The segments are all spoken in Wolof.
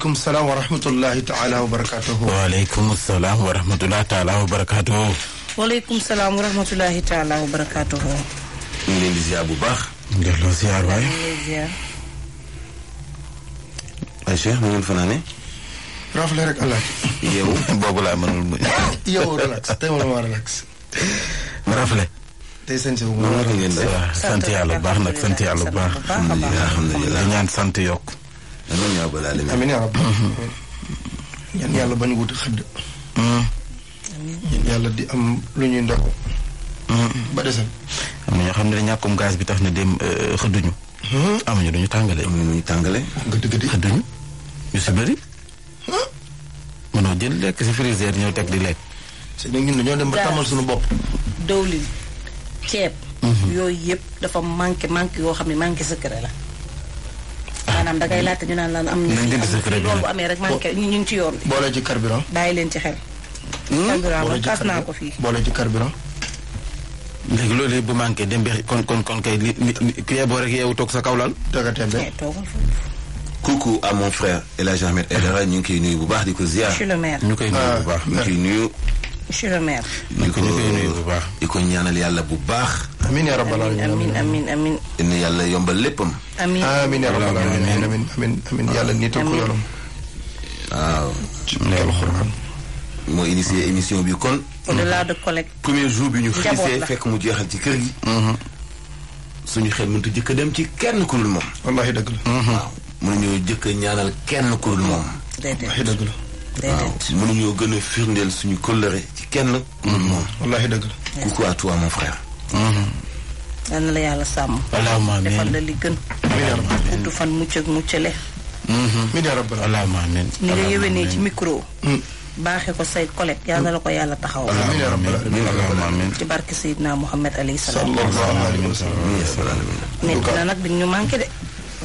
waaleykum salaam wa rahmatullahi taala wa barakaatuhu. waaleykum salaam wa rahmatullahi taala wa barakaatuhu. waaleykum salaam wa rahmatullahi taala wa barakaatuhu. ñu ngi leen di ziar bu baax. delloo ziar waay. ay Cheikh mu ngeen fanaane. rafle rek alaaj. yow boobu laa mënul. yow relax tey wala ma relax. rafle. tey sant bu baax. sant yàlla bu baax nag sant yàlla bu baax. alhamdulilah alhamdulilah ñaan sant yokk. amiin yaa rabbal aalamiin amiin yaa rabbal mhm. aalamiin ñaan wut xëdd. Mhm. yàlla di am lu ñuy ndox. Mhm. ba desal. am na ñoo xam ne de ñàkkum gaz bi tax na dem euh, xëdduñu. amuñu duñu tàngale. amuñu duñu tàngale. gëdd gëdd xëdduñu ñu si bëri. mënoo jël lekk si frigidaire ñëw teg di lekk. parce que ñun ñoo dem ba tàmmal suñu bopp. dawlin ceeb. yooyu yëpp dafa manqué manqué yoo xam ne manqué secret la. xam da ngay laajte ñu naan lan am. nañ jënd secret bi bu amee rek man ñu ngi ci yoon bi. boole ci carburant. bàyyi leen ci xel. Hmm? carburant man naa ko fii. boole ci carburant. léegi bu manqué dem bi kon kon kon kay li sa kaw laal. a tembe toogal foofu. coucou à mon ñu ngi koy nuyu bu baax di ko ziar. ñu koy nuyu bu baax ah, ñu koy nuyu. ñu koy nuyu bu baax di ko ñaanal yàlla bu baax. amiin yaa rabbal aalamiin amiin yàlla yombal léppam. amiin amiin yaa rabbal aalamiin amiin amiin amiin waaw. moo initié émission bi kon. au de collecte. premier jour bi ñu xisee fekk mu jeexal ci kër gi. Mm-hmm. suñu xel mënut jëkk dem ci kenn ku dul moom. wallaahi dëgg la. Mm-hmm. waaw mënuñoo jëkk a ñaanal kenn ku dul moom. wallaahi dëgg la. waaw gën a firndeel suñu kóllëre ci kenn ku dul mm-hmm. moom. wallaahi dëgg la. coucou à toi mon frère. Mm-hmm. yal na la yàlla sàmm. allahumma amiin defal la li gën. gudd fan mucc ak muccale. mi dara ba allahumma amiin. ni nga yéwénee ci micro. Mm. baaxee ko say collègue yal na la ko yàlla taxaw. allahumma amiin ci barke Seydina Mouhamed alayhi salaam. sallallahu nekk na nag dañ ñu manqué de.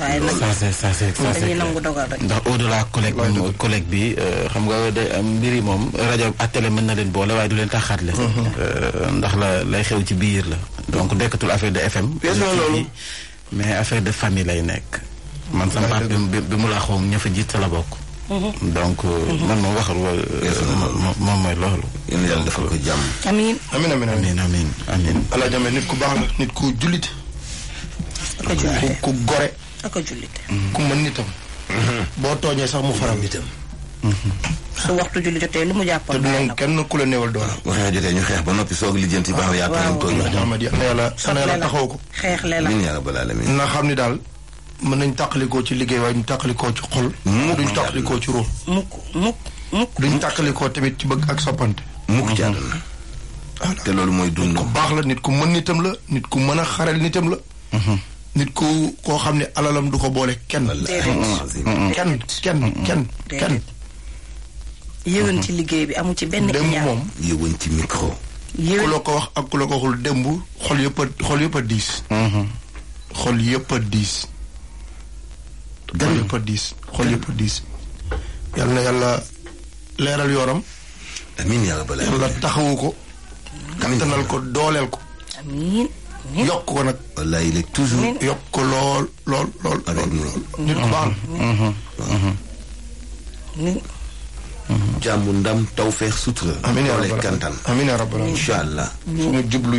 waaye nag ça c'est ça c'est ça c'est dañuy nangu dogal rek. ndax au delà collègue collègue bi euh, xam nga de euh, mbiri moom rajo ak télé mën na leen boole waaye du leen taxaatle. Mhm. Euh, ndax la lay xew ci biir la. donc nekkatul affaire de FM. loolu mais affaire de famille lay nekk. man sama papa bi mu laaxoo ña fa sa la bokk. Mhm. donc mhm. man moom waxal moom mooy loolu. yéen a yàlla defal ko jàmm. amiin amiin amiin amiin amiin. ala jàmm nit ku baax la nit ku jullit. ku ku gore. ak a jullite. ku mën ni boo tooñee sax mu faram itam. su waxtu julli jotee lu mu jàppoon. te dinañ kenn ku la néewal doole. waxee jotee ñu xeex ba noppi soog lijjanti baax na yaakaar nañ ko. Muhammad yàlla na yàlla taxaw ko. xeex le la yàlla balaa na xam ni daal mën nañ tàqalikoo ci liggéey waaye duñ tàqalikoo ci xol. duñ tàqalikoo ci ruux. mukk mukk mukk. duñ tàqalikoo tamit ci bëgg ak soppante. mukk ci àdduna. te loolu mooy dund. nit ku baax la nit ku mën nitam la nit ku mën a xarel nitam la. Mhm. nit ku koo xam ne alalam du ko boole kenn. kenn kenn kenn kenn. yëwën ci liggéey bi amu ci benn. démb moom yëwën ci micro. ku la ko wax ak ku la ko waxul démb xol yëpp a xol yëpp a diis. Mm-hmm. Mm-hmm. xol yëpp a diis. xol diis xol yëpp a diis. na yàlla leeral yoonam. amiin yàlla ba leeral taxawu ko. kattanal ko dooleel ko. yokk ko nag. wallaay léegi toujours. yokk ko lool lool lool. lool nit ku baax jàmm ndam tawfeex sutura. amiin yaa rabbal kantan amiin yaa rabbal aalamiin incha allah.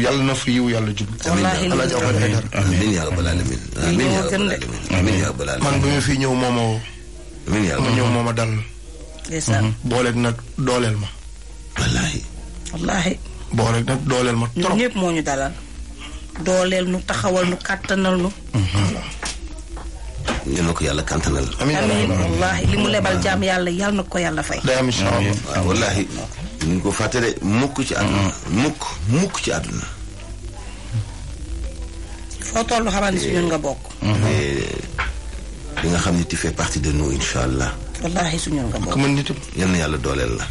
yàlla na fi yiw yàlla jublu. amiin amiin yaa rabbal man bu ñu fi ñëw mooma woo. amiin yaa rabbal aalamiin ma ñëw mooma dal. ndeysaan nag dooleel ma. wallaahi. wallaahi. booleeg nag dooleel ma trop ñun ñëpp moo ñu dalal. dooleel nu taxawal nu kàttanal nu yàlla ko yàlla kàttanal amiin wallaahi li mu lebal jaam yàlla yàlla na ko yàlla fay waaw wallaahi ñu ko fàtte de mukk ci àdduna mm. mukk mukk ci àdduna foo tollu xamal ni si ñun nga bokk eh, eh, li nga xam ne tu fais partie de nous insha allah wallaahi su ñun nga bokk yal na yàlla dooleel la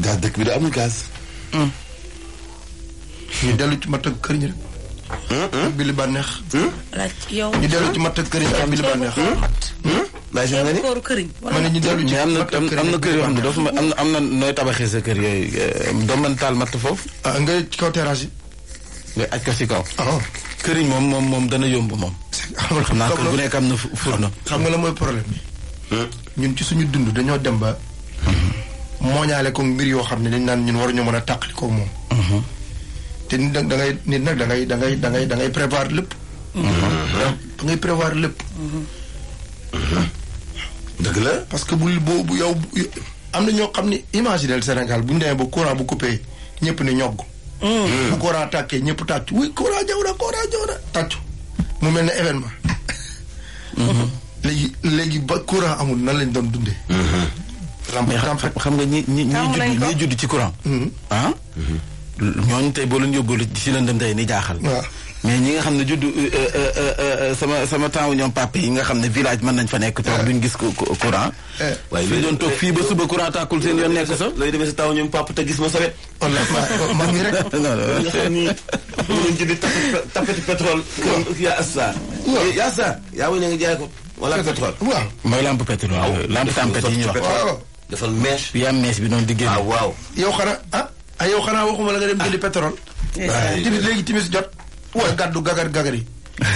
gaz dëkk bi da amul gaz. Hmm. ñu dellu ci matt ak këriñ rek. Hmm, hmm. ak bi li bànneex. laaj ah. ci matt ak këriñ ak bi li bànneex. laaj si nga ni ma ne ñu dellu ci matt ak am na kër yoo xam ne dootuma am na am na nooy tabaxee sa kër yooyu euh, doo mën taal matt foofu. ah nga ci kaw terrasse yi. nga aj ko si kaw. Ah. këriñ moom moom moom dana yomb moom. xam naa kër bu nekk am na furna. xam nga la mooy problème bi. ñun ci suñu dund dañoo dem ba. mooñaale ko mbir yoo xam ne dañ naan ñun war waruñu mën a tàqali ko moom. Mhm. te nit nag nit nag da ngay da ngay da ngay da ngay prévoir lépp. Mhm. da prévoir lépp. Mhm. dëgg la parce que bu boobu yow am na ñoo xam ne imaginel Sénégal bu ñu demee ba courant bu coupé ñëpp ni ñogg. bu courant tàkkee ñëpp tàcc wuy courant jaw na courant jaw na tàcc mu mel ni événement. léegi léegi ba courant amul nan lañ doon dundee. xam nga ñi ñi ñi judd ci courant. Mm-hmm. ah. Mm-hmm. ñooñu tey boo leen yóbbuwul ci lëndëm tey ni jaaxal. mais ñi nga xam ne judd euh, euh, euh, sama sama temps ñoom papa yi nga xam ne village mën nañ fa nekk. toog eh. duñ gis courant. Eh. waaye fi doon fii ba suba courant tàkkul seen sa. looy demee sa temps ñoom papa te gis ma sawet. wallaahi man mii rek. non non nga xam ni mënuñ yaa asa. Eh, yaa asa yaa wëñ nga jaay ko. wala pétrole waaw. mooy lampe pétrole. lampe yi ñu wax defal mèche. yaa mèche bi noonu di génn. Ah, waaw yow xanaa ah ah yow xanaa waxuma la nga dem jëndi ah. pétrole. timis eh. ah, léegi timis jot. waaw gàddu gagar gagar yi.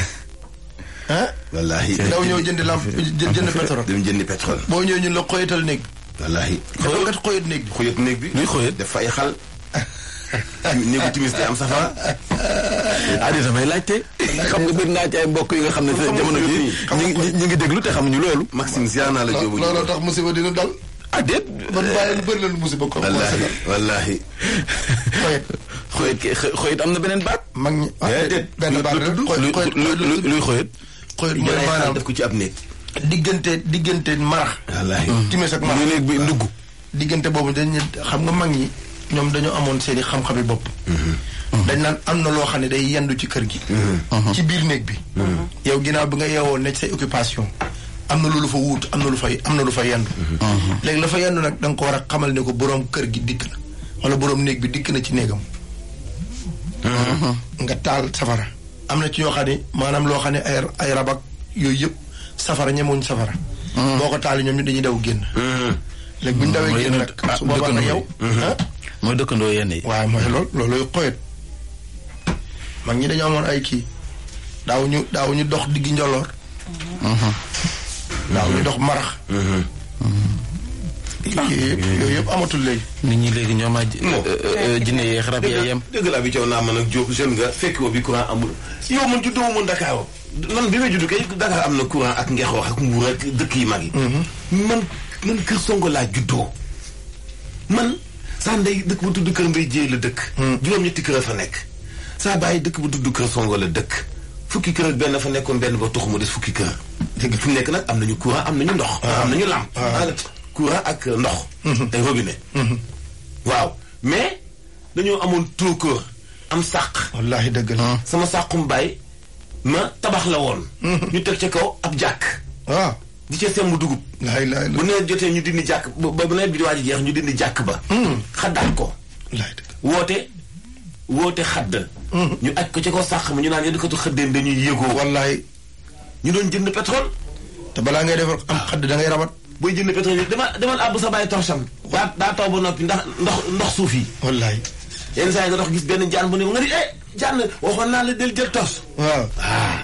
ah. wallaahi daw ñëw jëndi lamp jënd pétrole. dem jëndi pétrole. boo ñëwee ñun la xoyatal néeg. wallaahi dafa nga néeg bi. xoyat néeg bi def ay xal. néegu timis day am safara. Adi damay laajte. xam nga bëri naa ay mbokk yi nga xam ne jamono ji ñu ngi déglu te xamuñu loolu. Maxime ziar naa la jóobu looloo tax musiba dina dal. ah déet. man bàyyi lu bëri la lu musiba ko. wallaahi wallaahi. xoyit xoyit am na beneen baat. mag ñi ah eh, déet benn baat la luy def ko ci ab néeg. diggante diggante marax. wallaahi mm. timis néeg bi ndugg. diggante boobu dañ xam nga mag ñi ñoom dañoo amoon seen i xam-xami bopp. Mm-hmm. dañ naan am na loo xam ne day yendu ci kër gi. Mm-hmm. ci biir néeg bi. Mm-hmm. yow ginnaaw bi nga yeewoon ne ci say occupation. am na loolu fa wuut am na lu fay am na lu fa yendu mhm. léegi la fa yendu nag da ko war a xamal ne ko boroom kër gi dikk na wala boroom néeg bi dikk na ci néegam mhm. nga taal safara am na ci yoo xam ne maanaam loo xam ne ay ay rabak yooyu yëpp safara ñemewuñ safara mhm. boo ko taal ñoom ñu dañuy daw génn léegi bu ñu dawee génn nag su ah, boobaa nag yow ah? mooy dëkkandoo yenn yi waaye mooy loolu looluy xoyet mag ñi dañoo amoon ay kii daaw ñu daaw dox diggi njoloor ndax luy dox marax. Mm-hmm. ah mm-hmm. yooyu yëpp amatul léegi. nit ñi léegi ñooma a. Euh, euh, euh, jinne yee xarab yee yem. dëgg la bi coow naa mën ak Diop jeune nga fekk woo bi courant amul. yow man juddoo woon Dakar man bi may juddu kay Dakar am na courant ak ngeex wax ak mbuur ak dëkk yi mag yi. Mm-hmm. man man kër Sonko laa juddoo. man saa ndey dëkk bu tudd kër Mbaye Dièye la dëkk. Mm. juróom-ñetti kër a fa nekk. saa bàyyi dëkk bu tudd kër Sonko la dëkk. fukki kër ak benn fa nekkoon benn ba tuxu mu des fukki kër. léegi fi mu nekk nag am nañu courant am nañu ndox. Ah. am nañu lampe. Ah. courant ak ndox. Mhm. ay robinet. Mhm. waaw mais dañoo amoon tuukër am sàq. wallaahi dëgg la ah. sama sàqum baay ma tabax la woon. Mhm. ñu teg ca kaw ab jàkk. waaw di ca sembu dugub. bu nawet jotee ñu dindi jàkk ba bu nawet bi di jàkk ba. xaddaat ko. wallaahi dëgg woote woote xadd. ñu ak ko ci ko sàq ma ñu naan yëkkatu xëddeen dañuy yëgoo. wallaay ñu doon jënd pétrole. te balaa ngay defar am ah. xadd da ngay rabat. booy jënd pétrole yi demal demal àbb sa bàyyi torcham. daa daa taw ba noppi ndax ndox ndox suuf yi. wallaay. yenn saa yi gis benn jaan bu ne nga ni eh jaan waxoon naa la del jël tos. Ah.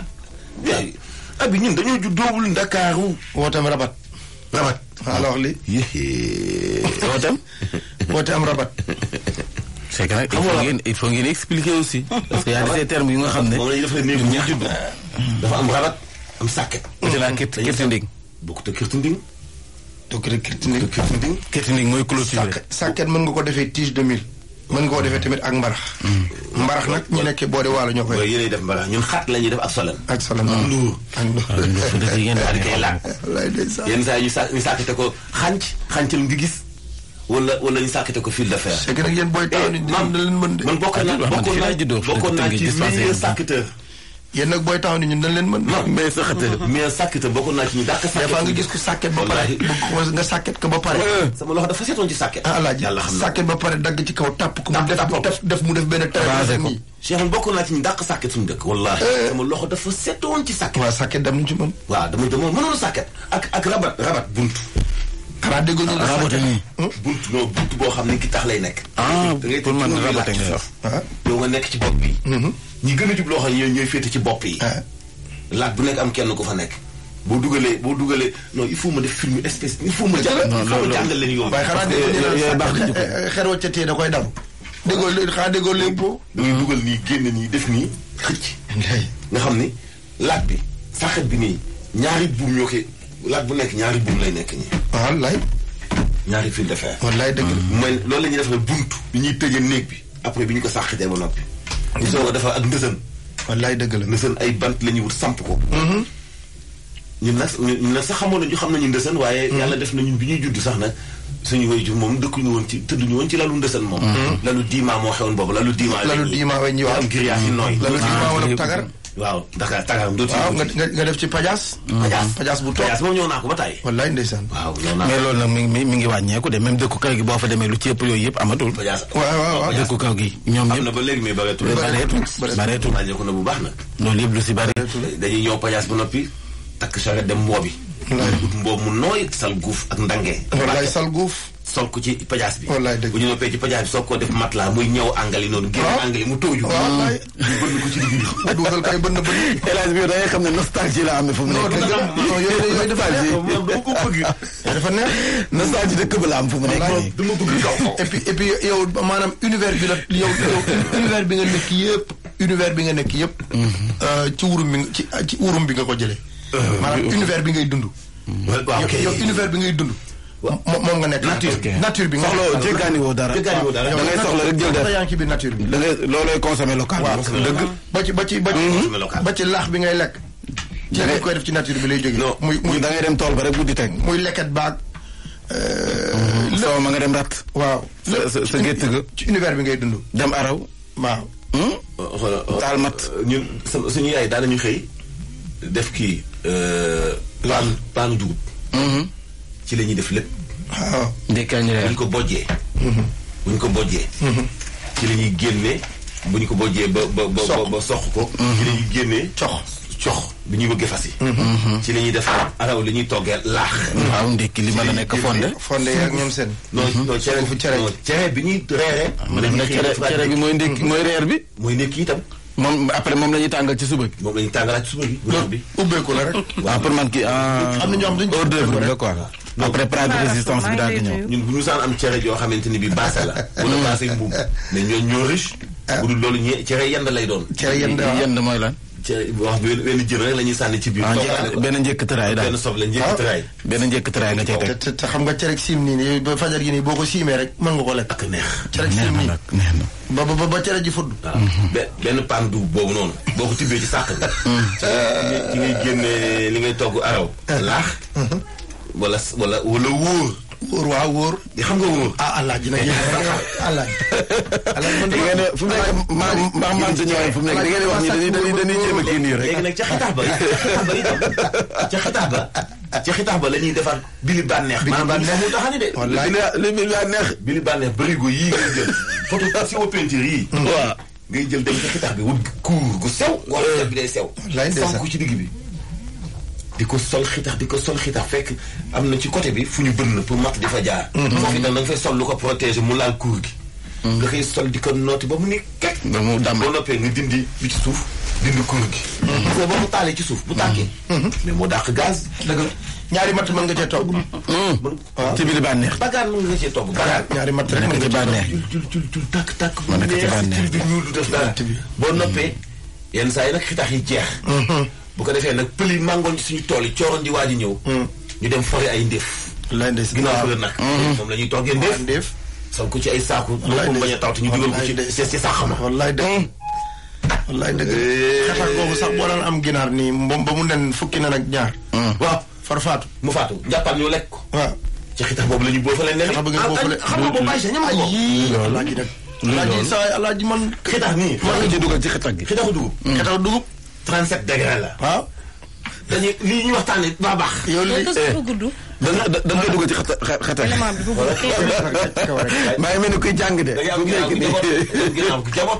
ñun dañoo juddoowul Ndakaaru. woote am rabat. rabat. wax li. woote am. woote am rabat. c'est que nag il faut ngeen expliquer aussi. parce que y a des yu nga xam ne. dafa am rabat am sàkket. dañuy def kirti kirtinding. bokkut ak kirtinding. bokkut ak kirtinding. kirtinding mooy clôture. sàkket mën nga ko defee tige de mil. mën nga ko defee tamit ak mbarax. Hmm. mbarax nag ñu nekk boori waalo ñoo koy. waaye yéenay def mbarax ñun xat la ñuy def ak solal. ak solal ak nduur. ak nduur dafay yéen daal di koy yenn saa yi ñu sàkkete ko xànc xàncal nga gis. wala wala ñu sàkkite ko fil de fer. c'est que nag yéen booy taw nit ñi eh, leen mën de. man bokkoon naa ci leen mën. non mais mais sàkkiteur bokkoon naa ci ñu dàq sàkket. des nga gis ko sàkket ba pare nga sàkket ba pare. sama loxo dafa seetoon ci sàkket. Ah, alaaji ba pare dagg ci kaw tàpp ko. mu def def mu def benn tàpp. cheikh bokk naa ci ñu dàq sàkket suñu dëkk wallaahi eh. sama loxo dafa seetoon ci sàkket. waaw sàkket dem nañ ci mën. waaw dama dama mënoon sàkket ak ak rabat rabat buntu xaraa déggoo ñu. raboté nii boo xam ne ki tax lay nekk. ah pour man raboté nga yor yow nga nekk ci bopp bi. Mhm. ñi gën a jub loo xam ne ñooy féete ci bopp yi. laaj bu nekk am kenn ku fa nekk. boo dugalee boo dugalee non il faut def film espèce il faut ma jàngal. non loolu jàngal leen yoon. waaye xanaa déggoo euh, euh, euh, xeroo da koy daw. déggoo léegi xanaa déggoo léegi boo. da dugal nii génn nii def nii xëcc. nga xam ni laaj bi saxet bi nii ñaari buum ñoo koy laaj bu nekk ñaari buur lay nekk ñi. Ah, waaw lay. ñaari fil de fer. dëgg la mm. mooy loolu la ñuy defal buntu. bi ñuy tëjee néeg bi après bi ñu ko sàqatee ba noppi. ñu soo a defar ak ndësën. wallaay dëgg la ndësën ay bant la ñuy wut samp ko. Mm-hmm. ñun nag ñun nag sax xamoon xam nañu ndësën waaye. Mm-hmm. yàlla def na ñun bi ñuy judd sax nag suñu wayju moom dëkkuñu woon ci tëdduñu woon ci lalu ndësën moom. Mm-hmm. lalu diima moo xewoon boobu lalu diima. lalu diima weñ ñi waaw am grillage yi nooy. waaw Dakar Dakar dootul. waaw nga nga def ci Pajas. Mhm. Pajas bu toog Pajas moom ñëw naa ko ba tey. wallaay ndeysaan. waaw ñëw naa ko mais loolu nag mi ngi mi ngi wàññeeku de même dëkku kaw gi boo fa demee lu ci ëpp yooyu yëpp amatul. Pajas waaw waaw waaw dëkku kaw gi. ñoom ñëpp ba léegi mais bareetul. bareetul bareetul wàññeeku na bu baax nag. loolu yëpp lu si bareetul. dañuy ñëw Pajas ba noppi takk charette dem Mbobi. wallaay ut mboobu mu nooy sal guuf ak ndange. wallaay sal guuf. sol ci pajaas bi. wallaay dëgg bu ñu noppee ci pajaas bi soog koo def matelas muy ñëw àngali noonu. génn àngali ah. mu tooju. Ah, wallaay bënn ko ci digg bi. dugal kay bënn bënn. élage bi la dëkk ba am fu mu nekk. wallaay dama bëgg kaw. et puis maanaam univers bi la univers bi nga nekk yëpp. univers bi nga nekk yëpp. Mhm. Euh, ci wurum bi ci ci wurum bi nga ko jële maanaam euh, univers bi ngay dund. waaw ok yow univers bi ngay dund. moom nga nekk nature nature bi nga soxla jéggaani woo dara jéggaani woo dara da ngay soxla rek jël dara yaa ngi ci biir nature bi da ngay ba ci ba ci ba ci mhm. ba ci laax bi ngay lekk ci nga ci nature bi lay jóge muy muy da dem tool ba rek guddi teg muy lekket baag mhm. euh, soo ma nga dem rat waaw sa sa gétt ga ci univers bi ngay dund dem araw waaw hmm? taal mat euh, ñun suñu yaay daal nañu xëy def kii. Euh, paanu paanu dugub. Mm-hmm. ci la ñuy def lépp. waaw ah. buñ ko bojjee. Mm-hmm. buñ ko bojjee. Mm-hmm. ci la ñuy génnee buñ ko bojjee ba ba ba ba soq ko. ci la ñuy génnee cox. cox bi ñuy bëggee fas yi. ci la ñuy def araw li ñuy toggee laax. waaw ndekki li man a nekk fonde. fonde ak ñoom seen. non non cere cere bi ñuy reeree. mën na cere bi mooy ndekki mooy reer bi. mooy ndekki itam. moom après moom la ñuy tàngal ci suba bi. moom la ñuy tàngalaat ci suba bi. guddi ubbeeku la rek. waaw ah, pour man kii ah, am na ñoo xam dañu hors d'œuvre la quoi. après plan de résistance bi daal di ñëw. bu ñu saan am cere joo xamante ni bi baase la. wala baase mbuum mais ñoo ñoo ah. bu dul loolu ñee cere yend lay doon. cere yend waaw yend mooy la wax benn benn jën rek la ñuy sànni ci biir. Ah, benn njëkk tëraay benn soble njëkk ah, tëraay. benn njëkk tëraay na cay xam nga cereg siim nii nii ba fajar gi nii boo ko siimee rek mën nga ko lekk. neex cereg siim nii ba ba ba cere ji fudd. waaw benn paan dugub boobu noonu. boo ko tibbee ci sàq bi. Mm. ci ngay génnee li ngay togg araw. Eh. laax. Mm-hmm. wala wala wala wóor. wóor waa wóor. xam nga wóor. ah alaaji nag alaaji. alaaji man dama ne fu mu nekk maa maa maa sa ñëwaay fu mu nekk da ngeen di wax ni dañuy dañuy jéem a génn rek. léegi nag ca xitax ba ca xitax ba ci xitax ba la ñuy defar bili bànneex. bili bànneex mu taxani de. wallaay li bili bànneex. bili bànneex bërigo yii ngay jël. photo si wa peinture yii. waaw ngay jël dem ci xitax bi wut kuur gu sew. Euh. wala bi day sew. wallaay ndeysaan ku ci digg bi. di ko sol xitax di ko sol xitax fekk am na ci côté bi fu ñu bënn pour matt di fa jaar. Mhm. foofu da nga fay sol lu ko protéger mu laal kuur gi. nga mhm. koy sol di ko nooti ba mu ni kekk. ba mu dàmm boo noppee nga dindi bi ci suuf dindi mhm. ci suuf bu tàkkee. mais moo dàq gaz. dëgg ñaari matt mën nga cee togg. waaw ah. ci nga cee togg bagaan. ñaari matt rek mën nga cee bànneex. jul jul jul tàkk tàkk. mën nga cee bànneex bu neex ci biir ñuul du def dara. boo noppee yenn saa yi nag xitax yi jeex. bu ko defee nag pël yi màngoon ci suñu tool yi cooroon di waaj a ñëw. Hmm. ñu dem fore ay ndéef. lay ndéef ginnaaw fële nag. Hmm. moom la ñuy toggee ndéef. sol ko ci ay saako. wallaay ndéef bañ a taw te ñu dugal ko ci ci saxama. wallaay dëgg hmm. wallaay dëgg. Eh. xetax googu sax boo daan am ginaar nii moom ba mu nen fukki nen ak ñaar. waaw far faatu. mu faatu jàppal ñu lekk ko. waaw ci xetax boobu la ñu boofale nen. Ah, ah, xam nga boobu bàyyi sa ñam ko. ayii alaaji nag. alaaji saa alaaji man. xetax nii. maa ngi ci dugal ci xetax gi. xetaxu dugub. xetaxu dugub. 37 degré la. waaw. dañuy lii ñuy waxtaanee ba baax. yow lii da nga da nga dugg ci xata xata. élément bi bu bëgg a xeex. maa ngi mel ni kuy jàng de. da ngay am